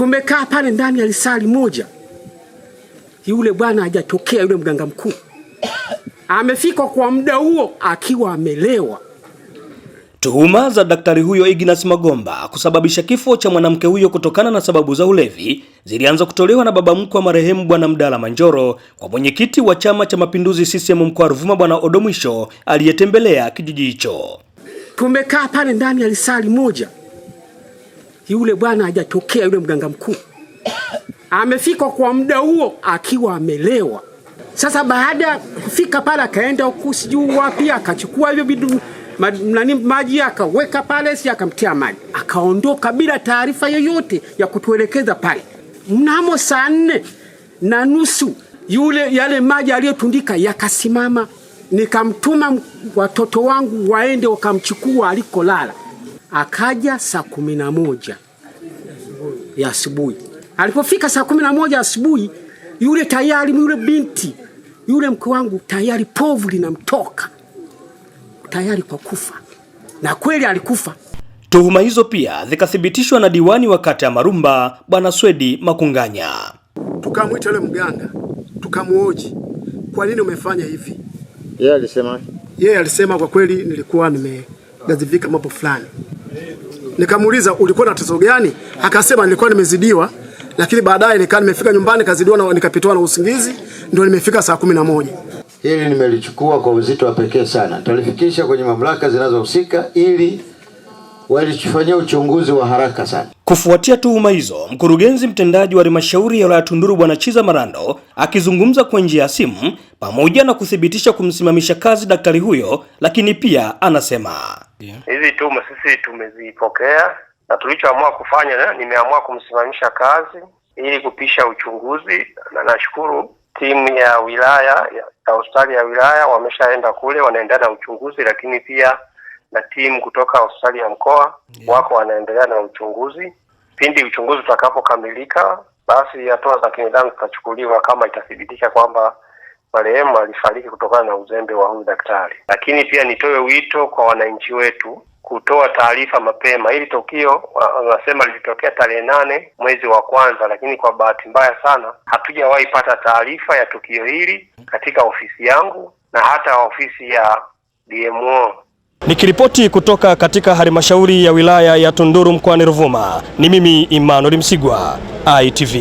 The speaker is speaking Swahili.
tumekaa pale ndani ya risali moja, yule bwana hajatokea. Yule mganga mkuu amefika kwa muda huo akiwa amelewa. Tuhuma za daktari huyo Ignas Magomba kusababisha kifo cha mwanamke huyo kutokana na sababu za ulevi zilianza kutolewa na baba mkwe wa marehemu Bwana Mdala Manjoro kwa mwenyekiti wa Chama cha Mapinduzi CCM mkoa wa Ruvuma Bwana Odomwisho aliyetembelea kijiji hicho. Tumekaa pale ndani ya risali moja yule bwana hajatokea, yule mganga mkuu amefika kwa muda huo akiwa amelewa. Sasa baada ya kufika pale, akaenda huku sijuu wapi, akachukua hivyo vidu nani maji akaweka pale, si akamtia maji, akaondoka bila taarifa yoyote ya kutuelekeza pale. Mnamo saa nne na nusu yule yale maji aliyotundika yakasimama, nikamtuma watoto wangu waende wakamchukua alikolala. Akaja saa kumi na moja ya asubuhi. Alipofika saa kumi na moja asubuhi, yule tayari yule binti yule mke wangu tayari povu linamtoka tayari kwa kufa, na kweli alikufa. Tuhuma hizo pia zikathibitishwa na diwani wa kata ya Marumba Bwana Swedi Makunganya. Tukamwita yule mganga tukamwoji, kwa nini umefanya hivi? Yeye alisema yeye alisema, kwa kweli nilikuwa nimegadhibika mambo fulani Nikamuuliza, ulikuwa na tatizo gani? Akasema nilikuwa nimezidiwa, lakini baadaye nika nimefika nyumbani kazidiwa na nikapitwa na usingizi, ndio nimefika saa kumi na moja. Hili nimelichukua kwa uzito wa pekee sana, nitalifikisha kwenye mamlaka zinazohusika ili walichofanyia uchunguzi wa haraka sana. Kufuatia tuhuma hizo, mkurugenzi mtendaji wa halmashauri ya wilaya Tunduru Bwana Chiza Marando akizungumza kwa njia ya simu, pamoja na kuthibitisha kumsimamisha kazi daktari huyo, lakini pia anasema hizi yeah, tuhuma sisi tumezipokea na tulichoamua kufanya, nimeamua kumsimamisha kazi ili kupisha uchunguzi, na nashukuru timu ya wilaya ya hospitali ya wilaya wameshaenda kule, wanaendelea na uchunguzi, lakini pia na timu kutoka hospitali ya mkoa yeah. wako wanaendelea na uchunguzi. Pindi uchunguzi utakapokamilika, basi hatua za kinidhamu zitachukuliwa kama itathibitisha kwamba marehemu alifariki kutokana na uzembe wa huyu daktari. Lakini pia nitoe wito kwa wananchi wetu kutoa taarifa mapema. Hili tukio wanasema lilitokea tarehe nane mwezi wa kwanza, lakini kwa bahati mbaya sana hatujawahi pata taarifa ya tukio hili katika ofisi yangu na hata ofisi ya DMO Nikiripoti kutoka katika halmashauri ya wilaya ya Tunduru mkoani Ruvuma, ni mimi Emmanuel Msigwa, ITV.